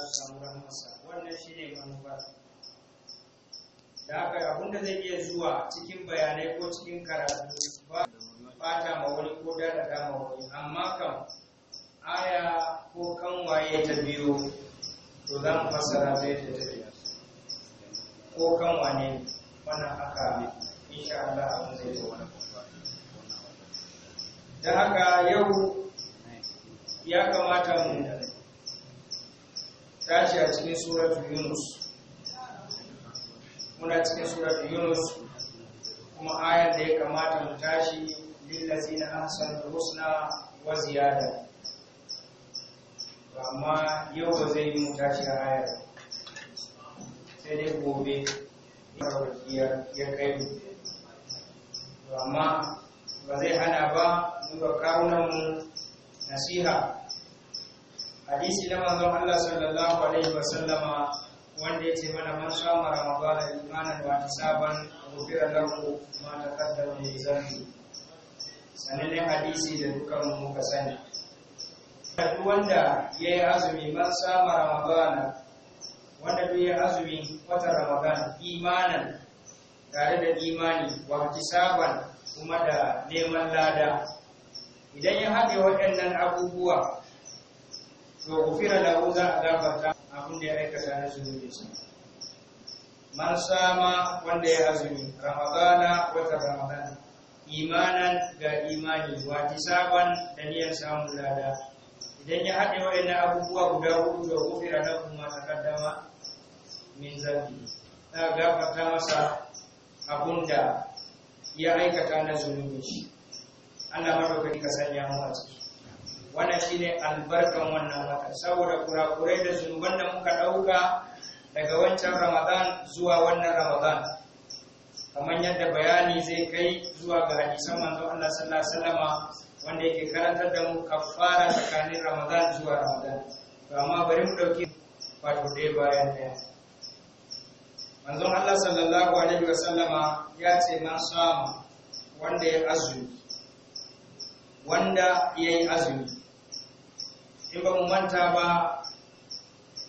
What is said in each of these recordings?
za su samu rahmarsa wannan shi ne manufa. da haka abinda zai iya zuwa cikin bayanai ko cikin karatu ba fata ma wani ko dadada ma wani amma kam aya ko kanwaye ta biyo to za mu fassara ta ta biya ko kan ne wannan haka insha Allah abin zai zo wani da haka yau ya kamata mu Tashi a cikin suratu yunus muna cikin suratu yunus kuma ayan da ya kamata mu tashi na hassan husna wa ziyada amma yau ba zai yi mu tashi a ayar sai dai gobe ya kai mu amma ba zai hana ba mu ga kawunanmu nasiha hadisi na manzon Allah sallallahu alaihi sallama wanda yace mana man sama da imanan wa tisaban ghufira lahu ma taqaddama min dhanbi ne hadisi da dukkan mu ka sani duk wanda yayi azumi man sama ramadana wanda duk yayi azumi wata ramadan imanan tare da imani wa tisaban kuma da neman lada idan ya haɗe waɗannan abubuwa to gufira lahu za a gafarta abin da ya aikata na zunubi sa man sama wanda ya azumi ramadana wata ramadana imanan ga imani wa tisaban da niyyar samun lada idan ya haɗe waɗannan abubuwa guda hudu da gufira na kuma takaddama min zambi ta gafarta masa abun da ya aikata na zunubi shi Allah madaukaki ka sanya mu a ciki wannan shi ne albarkan wannan wata saboda kurakurai da zunuban da muka ɗauka daga wancan ramadan zuwa wannan ramadan kamar yadda bayani zai kai zuwa ga hadisan manzo Allah sallallahu alaihi wasallama wanda yake karantar da mu kafara tsakanin ramadan zuwa ramadan to amma bari mu dauki wato dai bayan ɗaya manzo Allah sallallahu alaihi wasallama ya ce man sama wanda ya azumi wanda ya yi azumi sai ba mu manta ba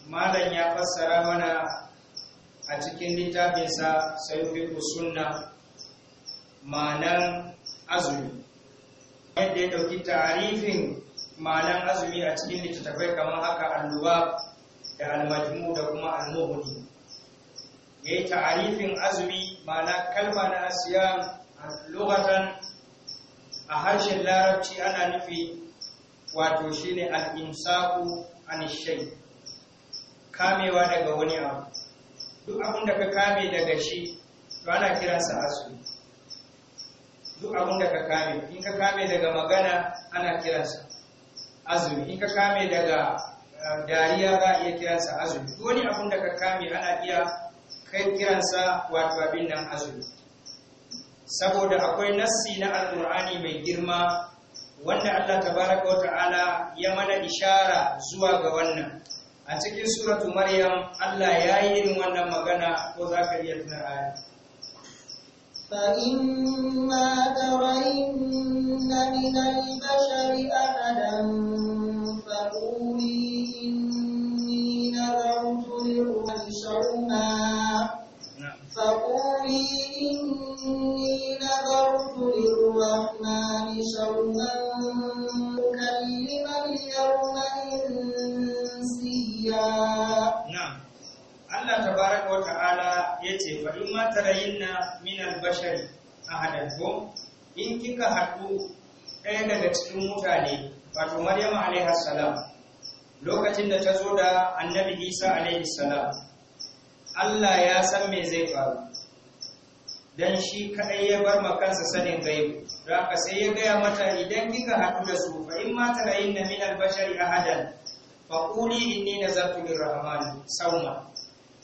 malam ya fassara mana a cikin littafinsa sayufiku sunna ma'anan azumi yadda ya ɗauki tarifin ma'anan azumi a cikin littattafai kamar haka alluwa da almajmu da kuma almuhudi ya yi tarifin azumi ma'ana kalma na asiya lokatan a harshen larabci ana nufi wato shine al-imsaku an shay kamewa daga wani abu duk abin da ka kame daga shi to ana kiransa azumi duk abin da ka kame in ka kame daga magana ana kiransa azumi in ka kame daga eh, dariya za a iya kiransa azumi duk wani abin da ka kame ana iya kai kiransa wato abin nan azumi saboda akwai nassi na alkur'ani mai girma wanda Allah tabaraka wa ta'ala ya mana ishara zuwa ga wannan a cikin suratu maryam Allah ya yi irin wannan magana ko za ka iya tuna aya فإما تَرَيْنَّ مِنَ الْبَشَرِ أَحَدًا salam lokacin da ta zo da annabi isa alaihi salam allah ya san me zai faru dan shi kaɗai ya bar makansa sanin gaibu haka sai ya gaya mata idan kika haɗu da su fa in ma tara na min albashari ahadan fa quli inni nazartu rahman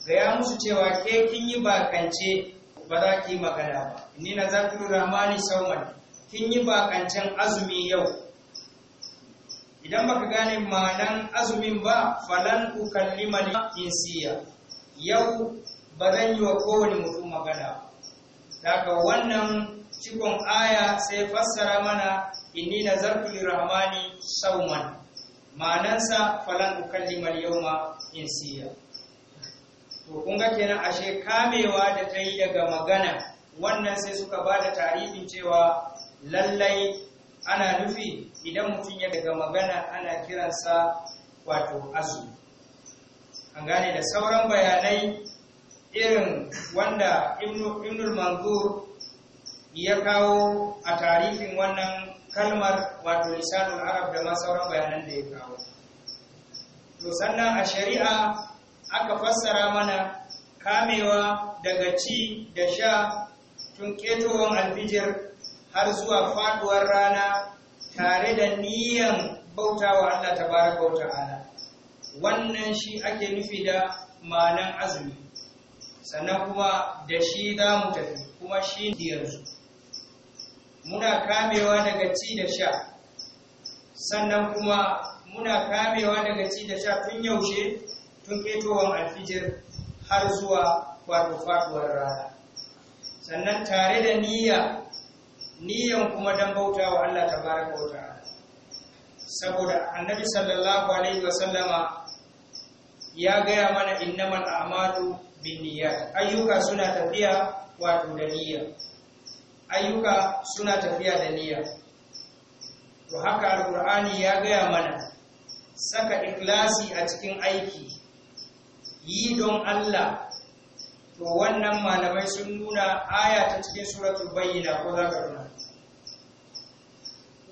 gaya musu cewa ke kin yi bakance ba za ki magana ba inni nazartu lir-rahman kin yi bakancen azumi yau idan baka gane ma'anan azumin ba falan ukallima siya, yau ba zan yi wa kowane mutum magana daga wannan cikon aya sai fassara mana inni nazartu rahmani sauman ma'anansa falan yau ma jinsiya to kun ga kenan ashe kamewa da ta yi daga magana wannan sai suka ba da tarihin cewa lallai ana nufi idan mutum ya daga magana ana kiransa wato azumi an gane da sauran bayanai irin wanda ibnul manzur ya kawo a tarihin wannan kalmar wato lisanul arab da ma sauran bayanan da ya kawo to sannan a shari'a aka fassara mana kamewa daga ci da sha tun ketowar alfijir har zuwa faduwar rana tare da niyan bautawa Allah tabaraka wa ta'ala wannan shi ake nufi da ma'anan azumi sannan kuma da shi za mu tafi kuma shi diyarsu muna kamewa daga ci da sha sannan kuma muna kamewa daga ci da sha tun yaushe tun ketowar alfijir har zuwa faduwar rana sannan tare da niyya niyan kuma dan bauta wa Allah tabaraka wa ta'ala saboda annabi sallallahu alaihi wa sallama ya gaya mana innamal a'malu binniyat ayyuka suna tafiya wato da niyya ayyuka suna tafiya da niyya to haka alqur'ani ya gaya mana saka ikhlasi a cikin aiki yi don Allah to wannan malamai sun nuna aya ta cikin suratul bayyina ko za ka nuna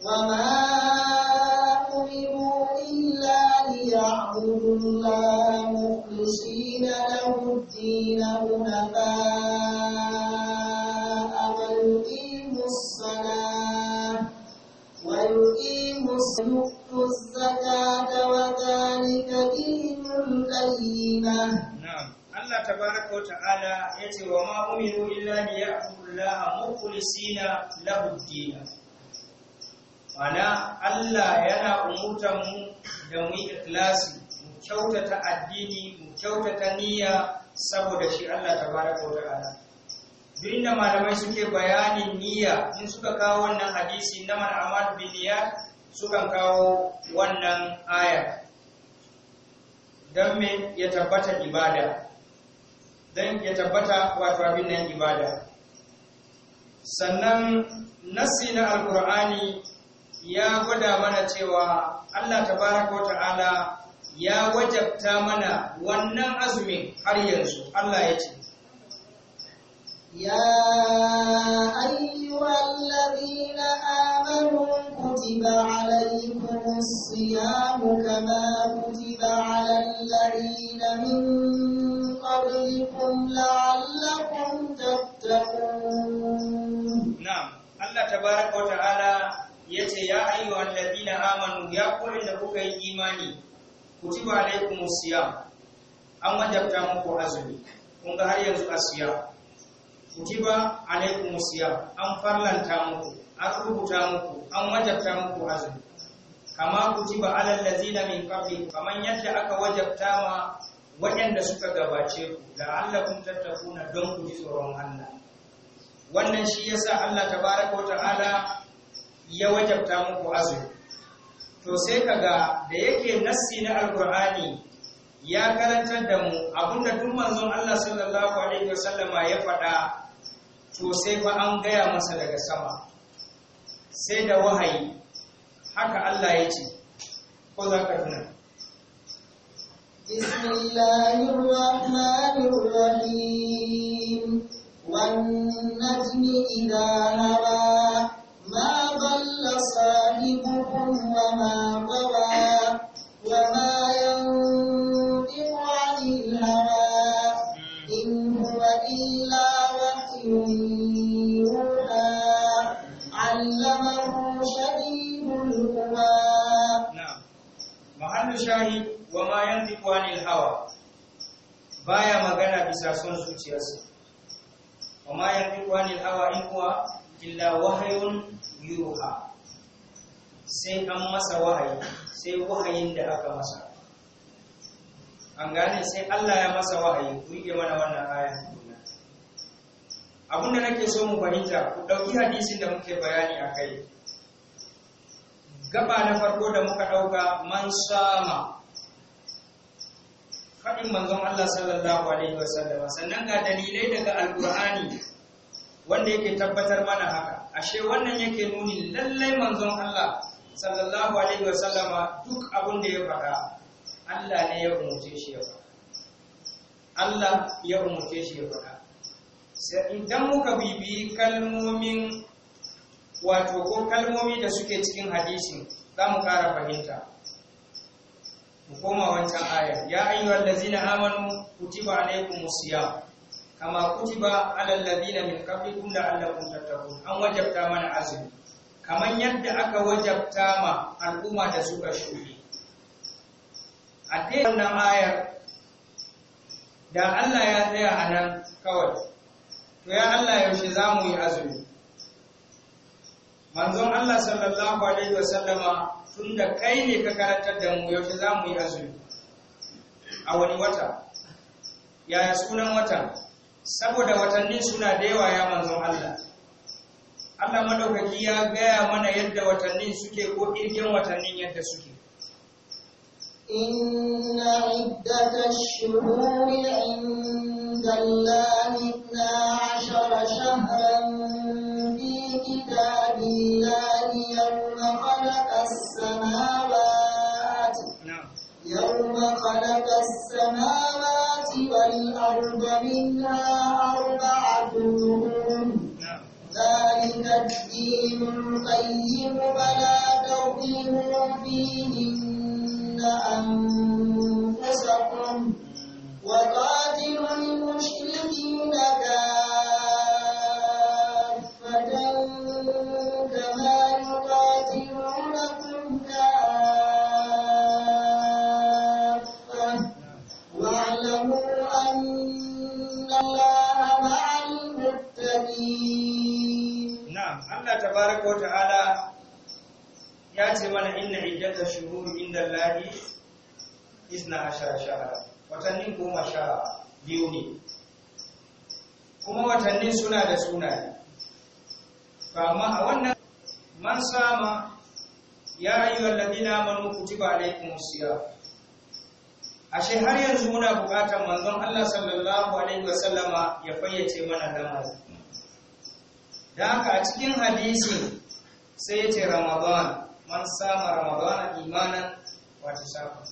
wa ma umiru illa liya'budu mukhlisina lahu ddina hunafa يؤتوا الزكاة tabaraka wa ta'ala ya ce wa ma umiru illa li ya'budullaha mukhlisina lahu ad-din mana Allah yana umutan mu da mu ikhlasi mu kyautata addini mu kyautata niyya saboda shi Allah tabaraka wa ta'ala duk da malamai suke bayanin niyya in suka kawo wannan hadisi na man amal bin sukan kawo wannan aya dan me ya tabbata ibada dan ya tabbata wato abin nan ibada sannan nasi na alkur'ani ya gwada mana cewa Allah tabaraka wa ta'ala ya wajabta mana wannan azumin har yanzu Allah ya ce Ya يا أيها amanu kutiba كتب عليكم الصيام كما كتب على الذين min. قبلكم لعلكم تتقون نعم الله تبارك وتعالى yace ya أيها الذين amanu ya قول da kuka yi imani har yanzu asiya kutiba alaikumus an farlanta muku an rubuta muku an wajabta muku azumi kama kutiba alal lazina min qablikum kaman yadda aka wajabta ma waɗanda suka gabace ku da Allah kun tattafuna don ku ji tsoron Allah wannan shi yasa Allah tabaraka wa ta'ala ya wajabta muku azumi to sai kaga da yake nassi na alqur'ani ya karantar da mu abinda duk manzon Allah sallallahu alaihi wasallama ya faɗa to sai fa an gaya masa daga sama sai da wahayi haka Allah ya ce ko za ka tuna بسم الله الرحمن الرحيم والنجم إذا هوى ما ضل صاحبكم وما غوى baya magana bisa son zuciyarsa amma yanzu wani hawa in kuwa illa wahayun yuha sai an masa wahayi sai wahayin da aka masa an gane sai Allah ya masa wahayi ku yi mana wannan aya abun da nake so mu fahimta ku ɗauki hadisin da muke bayani a kai gaba na farko da muka ɗauka man sama faɗin manzon Allah sallallahu alaihi sallama, sannan ga dalilai daga alqur'ani wanda yake tabbatar mana haka ashe wannan yake nuni lallai manzon Allah sallallahu alaihi wasallama duk abin da ya faɗa Allah ne ya umurce shi ya faɗa Allah ya umurce shi ya faɗa sai idan muka bibi kalmomin wato ko kalmomi da suke cikin hadisin za mu ƙara fahimta mu koma wancan ayar ya ayyuhal ladzina amanu kutiba alaykumus siyam kama kutiba alal ladina min qablikum la'allakum tattaqun an wajabta mana azumi kaman yadda aka wajabta ma al'umma da suka shuɗe a dai wannan aya da Allah ya tsaya a nan kawai to ya Allah yaushe za mu yi azumi manzon Allah sallallahu alaihi wasallama Tunda kai ne ka karantar da mu yaushe za mu yi azumi a wani wata yaya sunan wata? saboda watanni suna da yawa ya manzon Allah Allah madaukaki ya gaya mana yadda watanni suke ko irgen watannin yadda suke inna iddatash shuhuri 'inda Allah والأرض منها أربعة قرون نعم. ذلك الدين القيم فلا تظلموا فيهن أنفسكم وقال مع المتقين نعم الله تبارك وتعالى ياتي من ان عدة الشهور عند الله اثنا watanni goma sha biyu ne kuma watanni suna da sunaye amma a wannan man sama ya ayyuhal amanu kutiba alaykumus siyam ashe har yanzu muna buƙatar manzon Allah sallallahu alaihi wasallama ya fayyace mana damar. da haka a cikin hadisi sai ya ce ramadan man sama ramadan imanan wa shafa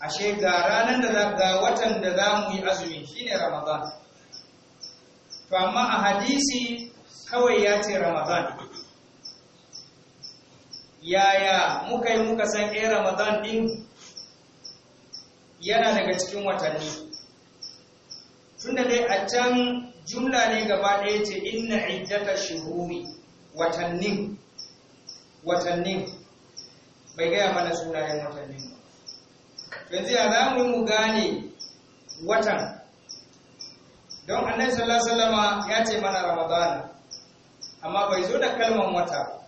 ashe ga ranar da ga watan da za mu yi azumi shine ramadan to amma a hadisi kawai ya ce ramadan yaya muka yi muka san eh ramadan din yana daga cikin watanni tunda dai a can jumla ne gaba ɗaya ce inna iddata shuhuri watannin watannin bai gaya mana sunayen watannin ba yanzu ya za mu gane watan don annabi sallallahu alaihi ya ce mana Ramadana, amma bai zo da kalman wata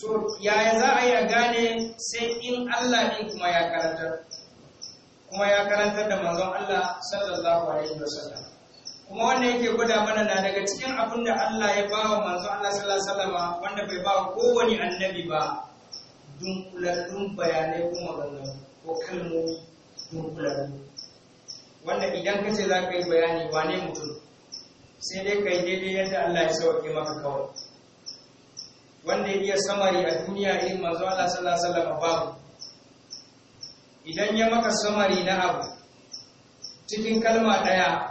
so yaya za a yi a gane sai in Allah din kuma ya karantar kuma ya karantar da manzon Allah sallallahu alaihi wasallam kuma wanda yake gwada mana na daga cikin abin da Allah ya bawa manzon Allah sallallahu alaihi wasallam wanda bai bawa kowane annabi ba dunkulallun bayanai ko maganganu ko kalmomi dunkulallu wanda idan ka ce za ka yi bayani wane mutum sai dai ka yi daidai yadda Allah ya sauke maka kawai wanda ya iya samari a duniya irin manzo Allah sallallahu alaihi wasallam babu idan ya maka samari na abu cikin kalma daya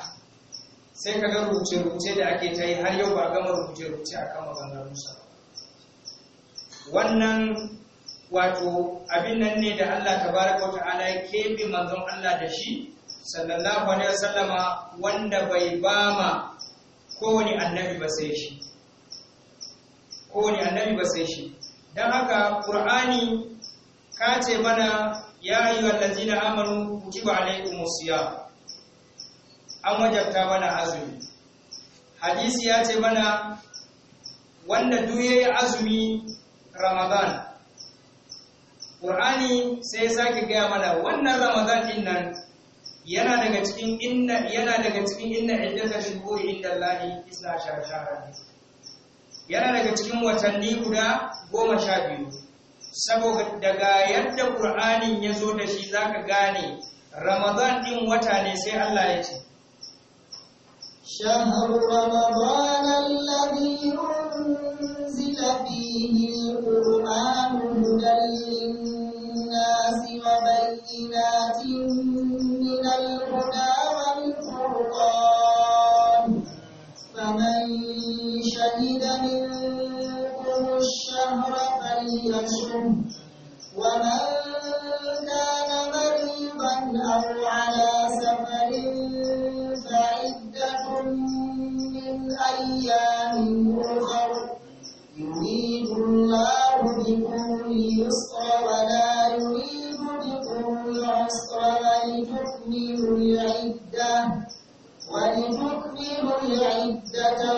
sai ka ga rubuce-rubuce da ake ta yi har yau ba gama rubuce-rubuce a kan maganganun musa wannan wato abin nan ne da Allah tabaraka wa ta'ala ya kebe manzon Allah da shi sallallahu alaihi wasallama wanda bai bama kowane annabi ba sai shi Ko kowane annabi ba sai shi don haka ƙur'ani ka ce mana ya yi wallazi na amanu kutiba alaikum siya an wajabta mana azumi hadisi ya ce mana wanda duye azumi ramadan ƙur'ani sai ya sake gaya mana wannan ramadan din nan yana daga cikin inna yana daga cikin inna iddatatul qur'ani inda lahi isna shahara yana daga cikin watanni guda goma sha biyu saboda daga yadda ƙur'anin ya zo da shi za ka gane ramadan ɗin wata ne sai allah ya ce شهر رمضان الذي أنزل فيه القرآن هدى للناس وبينات ولتكبروا ومن كان مريضا أو على سفر فعدة من أيام يريد الله بكم اليسر ولا يريد بكم العسر العدة ولتكملوا العدة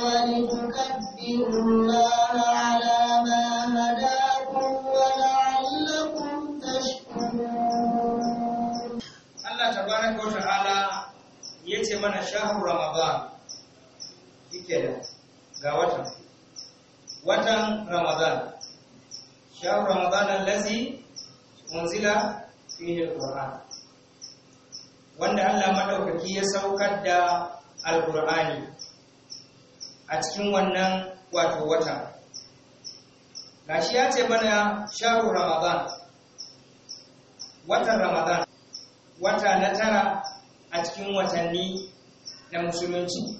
ولتكبروا الله على kana shahru ramadan yake da ga watan watan ramadan shahru ramadan allazi unzila fihi alquran wanda Allah madaukaki ya saukar da alqur'ani a cikin wannan wato wata gashi ya ce mana shahru ramadan watan ramadan wata na tara a cikin watanni na musulunci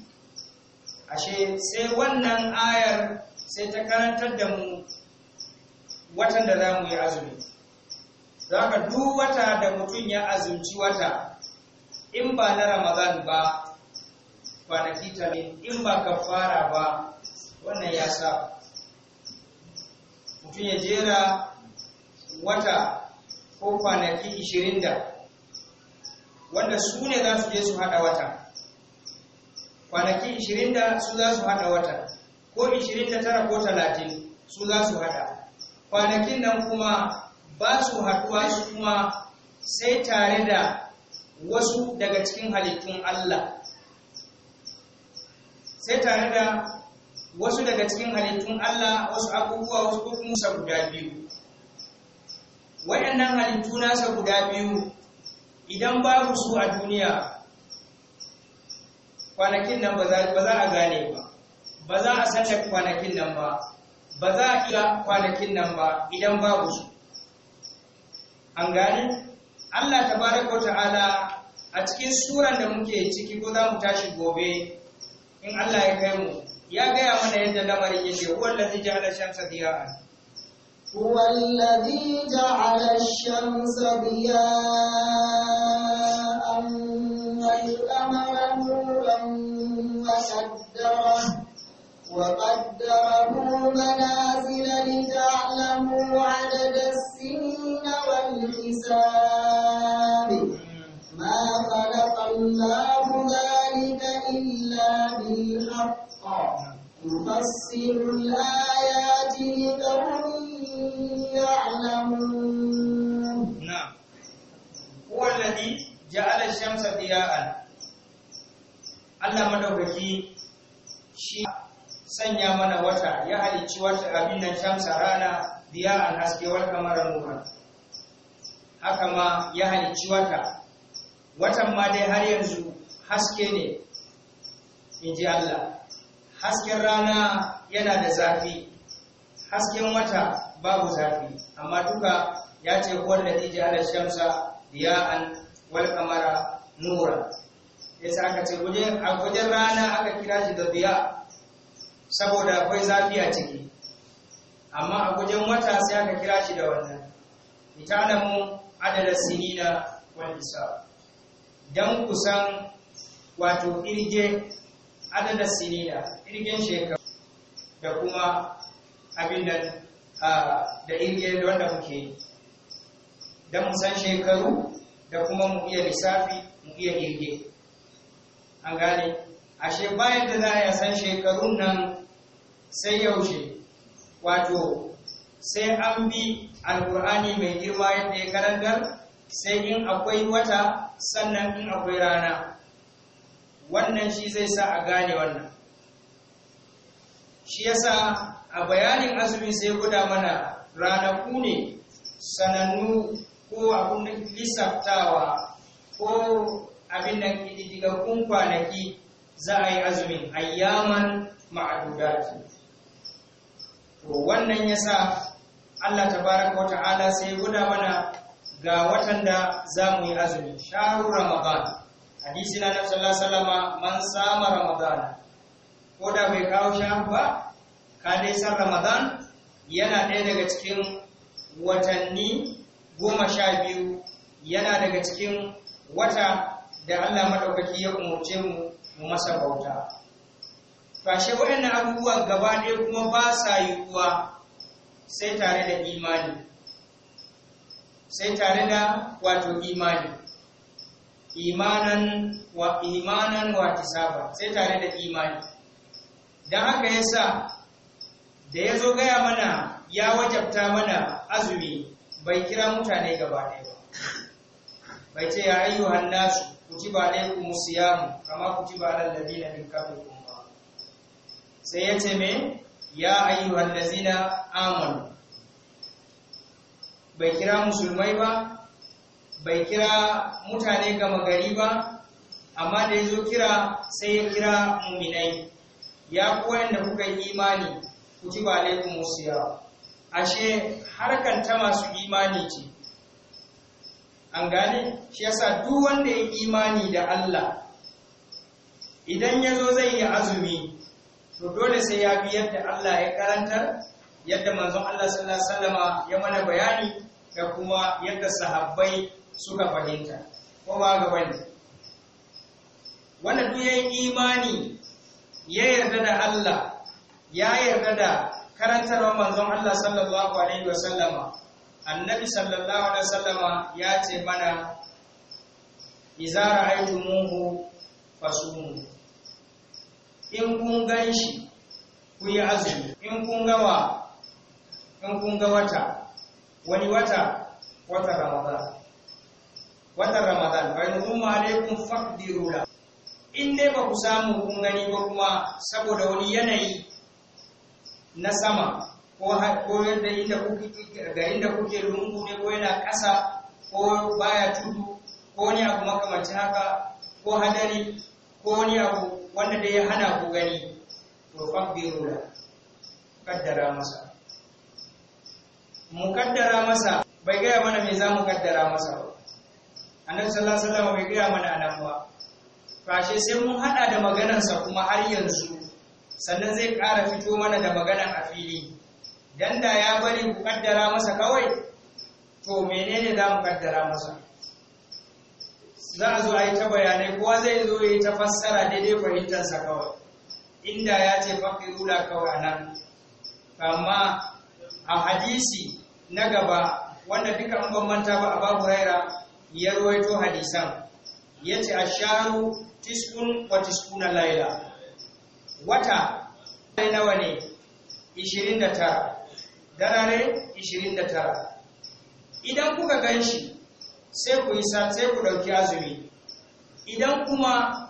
ashe sai wannan ayar sai ta karantar da mu watan da za mu yi azumi za ka duk wata da mutum ya azumci wata in ba na ramadan ba kwanaki ta ne in ba ka fara ba wannan ya sa mutum ya jera wata ko kwanaki 20 da wanda su ne za su je su haɗa wata kwanaki 20 su za su hada wata ko 29 ko 30 su za su hada kwanakin nan kuma ba su haduwa su kuma sai tare da wasu daga cikin halittun Allah sai tare da wasu daga cikin halittun Allah wasu abubuwa wasu hukunsa guda biyu waɗannan halittu nasa guda biyu idan babu su a duniya kwanakin nan ba za a gane ba ba za a sace kwanakin nan ba ba za a kira kwanakin nan ba idan babu su an gane Allah Ta ko ta'ala a cikin suran da muke ciki ko za mu tashi gobe in Allah ya kai mu ya gaya mana yadda lamarin yake wallazi ja'ala shamsa diya'an هو الذي جعل الشمس ضياء والقمر وقدره وقدره منازل لتعلموا عدد السنين والحساب ما خلق الله ذلك إلا بالحق يفسر الآيات لقوم يعلمون نعم هو الذي جعل الشمس ضياءً Allah madaukaki shi sanya mana wata ya halicci wata abin nan shamsa rana biya an haske wal kamara nura haka ma ya halicci wata watan ma dai har yanzu haske ne inji Allah hasken rana yana da zafi hasken wata babu zafi amma duka ya ce ji ja'ala shamsa biya an wal kamara nura yasa aka ce wajen rana aka kira shi da biya saboda akwai zafi a ciki amma a wajen wata sai aka kira shi da wannan Ita mu adada sinina wal sa. dan kusan wato irge adada sinina irgen shekaru da kuma abin nan da irge wanda muke yi dan shekaru da kuma mu iya lissafi mu iya irge an gane ashe bayan da za a san shekarun nan sai yaushe wato sai an bi alkur'ani mai girma yadda ya karantar sai in akwai wata sannan in akwai rana wannan shi zai sa a gane wannan shi yasa a bayanin azumi sai guda mana ranaku ne sanannu ko abin lissaftawa ko abin nan kun kwanaki za a yi azumin ayyaman ma'adudat. to wannan yasa Allah tabaraka wa ta'ala sai guda mana ga watan da za mu yi azumi sharu ramadan hadisi na nabi sallallahu alaihi man sama ramadan ko da bai kawo sharu ba ka dai san ramadan yana ɗaya daga cikin watanni goma sha biyu yana daga cikin wata da Allah madaukaki ya umarce mu mu masa bauta fashe waɗannan abubuwan gaba ɗaya kuma ba sa yiwuwa sai tare da imani sai tare da wato imani imanan wa imanan wa tisaba sai tare da imani dan haka yasa da ya zo gaya mana ya wajabta mana azumi bai kira mutane gaba ɗaya ba bai ce ya ayyuhan nasu kutiba alaikum siyam kama kutiba alal ladina min qablikum sai ce me ya ayyuhal ladina amanu bai kira musulmai ba bai kira mutane ga magari ba amma da yazo kira sai ya kira muminai ya kuwa da kuka yi imani kutiba alaikum siyam ashe harkan ta masu imani ce an gane shi yasa duk wanda ya imani da Allah idan ya zo zai yi azumi to dole sai ya bi yadda Allah ya karantar yadda manzon Allah sallallahu alaihi wasallama ya mana bayani da kuma yadda sahabbai suka fahimta ko ba ga bane wanda duk yayin imani ya yarda da Allah ya yarda da karantarwa manzon Allah sallallahu alaihi wasallama annabi sallallahu alaihi wasallama ya ce mana haitu muhu fasumu in kun ganshi ku yi azumi in kun gawa in kun ga wata wani wata wata ramadan wata ramadan fa in kuma alaikum faqdiru la in dai ba ku samu kun gani ba kuma saboda wani yanayi na sama ko ko yadda inda kuke ga inda kuke lungu ne ko yana ƙasa ko baya tudu ko wani abu makamancin haka ko hadari ko wani abu wanda da ya hana ku gani to fa birula kaddara masa mu kaddara masa bai gaya mana me za mu kaddara masa ba annabi sallallahu alaihi wasallam bai gaya mana nan ba fashe sai mun hada da maganarsa kuma har yanzu sannan zai ƙara fito mana da maganar a fili dan da ya bari ku kaddara masa kawai to menene za mu kaddara masa za a zo a yi ta bayanai kowa zai zo ya yi ta fassara daidai fahimtarsa kawai inda ya ce fafi rula kawai nan amma a hadisi na gaba wanda duka an bambanta ba a babu haira ya ruwaito hadisan ya ce a sharu tiskun wa tiskuna laila wata nawa ne tara darare 29 idan kuka gan shi sai ku yi sai ku ɗauki azumi idan kuma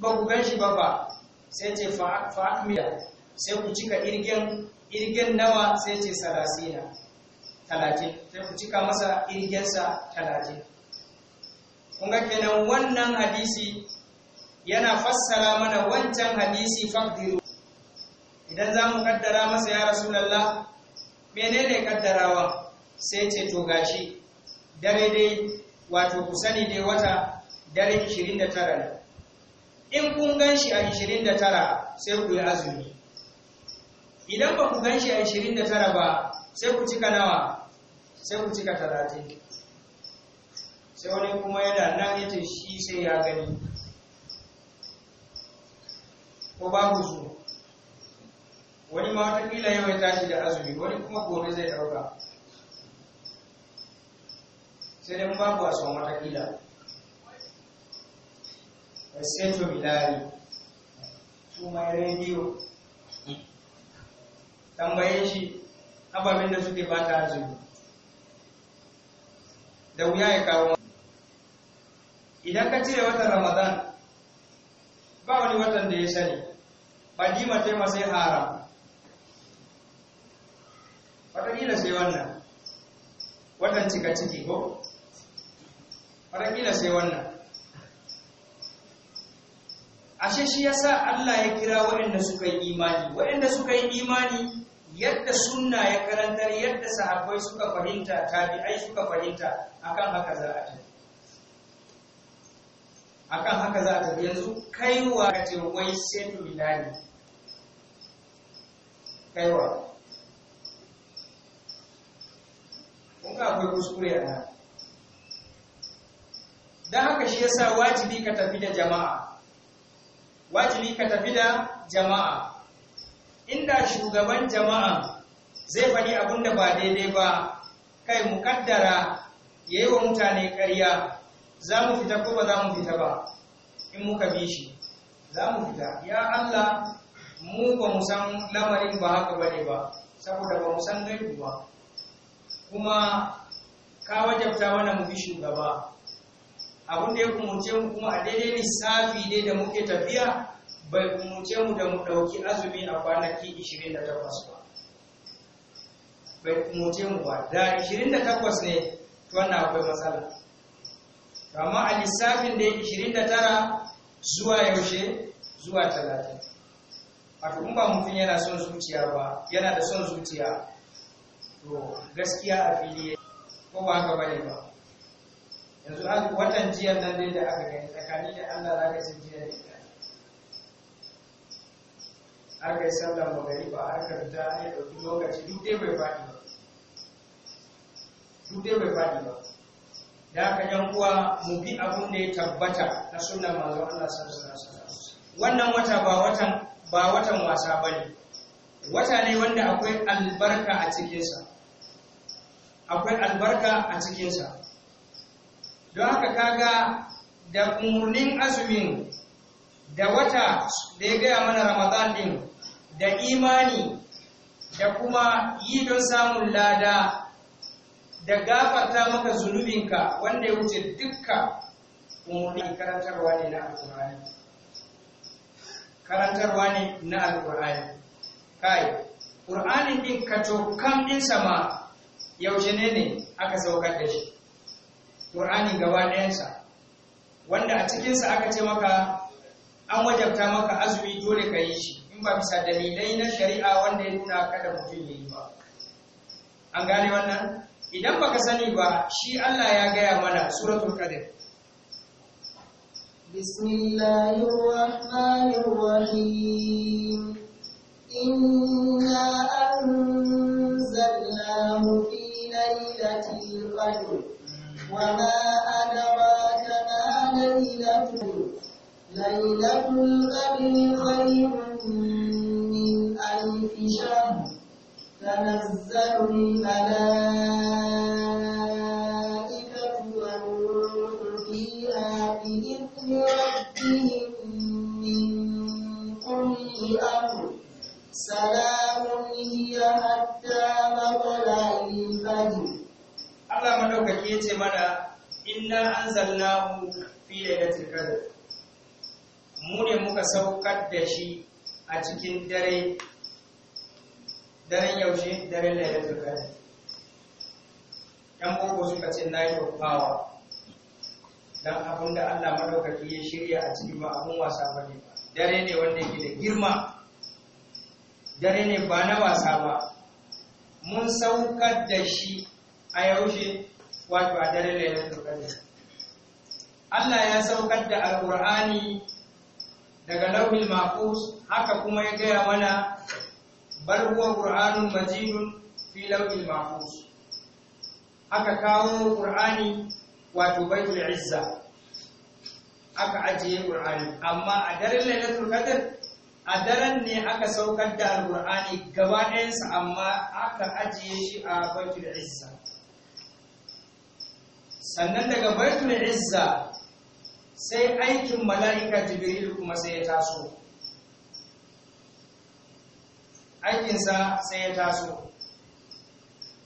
ba ku gan shi ba ba sai ce fa'amiya sai ku cika irgen irgen nawa sai ce salasina 30 sai ku cika masa irgensa talatin kunga kenan wannan hadisi yana fassara mana wancan hadisi fakdiru idan za mu kaddara masa ya rasulallah menene kaddarawa sai ce to gashi dare dai wato ku sani dai wata dare 29 ne in kun ganshi a 29 sai ku yi azumi idan ba ku ganshi a 29 ba sai ku cika nawa sai ku cika 30 sai wani kuma yana nan yace shi sai ya gani ko babu zuwa wani ma watakila yau ya tashi da azumi wani kuma gobe zai ɗauka sai dai babu a son watakila reseto milari su mai rediyo tambaye shi ababen da suke ba ta azumi da wuya ya kawo idan ka cire watan ramadan ba wani watan da ya sani ba dima taimasa masai haram watakila sai wannan wannan cika ciki ko watakila sai wannan ashe shi yasa Allah ya kira waɗanda suka yi imani waɗanda suka yi imani yadda sunna ya karantar yadda sahabbai suka fahimta ai suka fahimta akan haka za a tafi akan haka za a tafi yanzu kaiwa ka ce wai sai milani kaiwa kun ga akwai kuskure a nan dan haka shi yasa wajibi ka tafi da jama'a wajibi ka tafi da jama'a inda shugaban jama'a zai faɗi abin da ba daidai ba kai mu kaddara yi wa mutane ƙarya za mu fita ko ba za mu fita ba in muka bi shi za mu fita ya Allah mu ba mu san lamarin ba haka ba ne ba saboda ba mu san gaibu ba kuma ka wajabta mana mu bi shugaba abin da ya kumurce mu kuma a daidai lissafi ne da muke tafiya bai kumurce mu da mu ɗauki azumi a kwanaki 28 ba bai kumurce mu ba da 28 ne to wannan akwai matsala amma a lissafin da 29 zuwa yaushe zuwa 30 a in ba mutum yana son zuciya ba yana da son zuciya to gaskiya a fili ko ba haka bane ba yanzu an watan jiya nan ne da aka gani tsakani da Allah za ka ci jiya da ita har kai sallar magari ba har ka fita ya ɗauki lokaci duk dai bai faɗi ba duk dai bai faɗi ba da aka yan kuwa mu bi abin da ya tabbata na sunan manzon Allah sallallahu alaihi wasallam wannan wata ba watan ba watan wasa bane wata ne wanda akwai albarka a cikinsa akwai albarka a cikinsa don haka kaga da umarnin azumin da wata da ya gaya mana ramadan din da imani da kuma yi don samun lada da gafarta maka zunubinka wanda ya wuce dukka umarnin karantarwa ne na alkur'ani karantarwa ne na alkur'ani kai ƙur'anin din kan ɗinsa sama yaushe ne ne aka saukar da shi ƙur'ani gaba ɗayansa wanda a cikinsa aka ce maka an wajabta maka azumi dole ka yi shi in ba bisa dalilai na shari'a wanda ya nuna kada mutum ya yi ba an gane wannan idan baka sani ba shi Allah ya gaya mana suratul qadr bismillahir rahmanir rahim dan abin da Allah madaukaki ya shirya a cikin ba abin wasa ba ne dare ne wanda yake da girma dare ne ba na wasa ba mun saukar da shi a yaushe wato a dare lailatul qadr Allah ya saukar da alqur'ani daga lauhil mahfuz haka kuma ya gaya mana bal huwa qur'anun majidun fi lauhil mahfuz haka kawo qur'ani wato baitul izza aka ajiye qur'ani amma a daren lailatul qadr a daren ne aka saukar da alqur'ani gaba ɗayansa amma aka ajiye shi a baitul izza sannan daga baitul izza sai aikin mala'ika jibril kuma sai ya taso aikinsa sai ya taso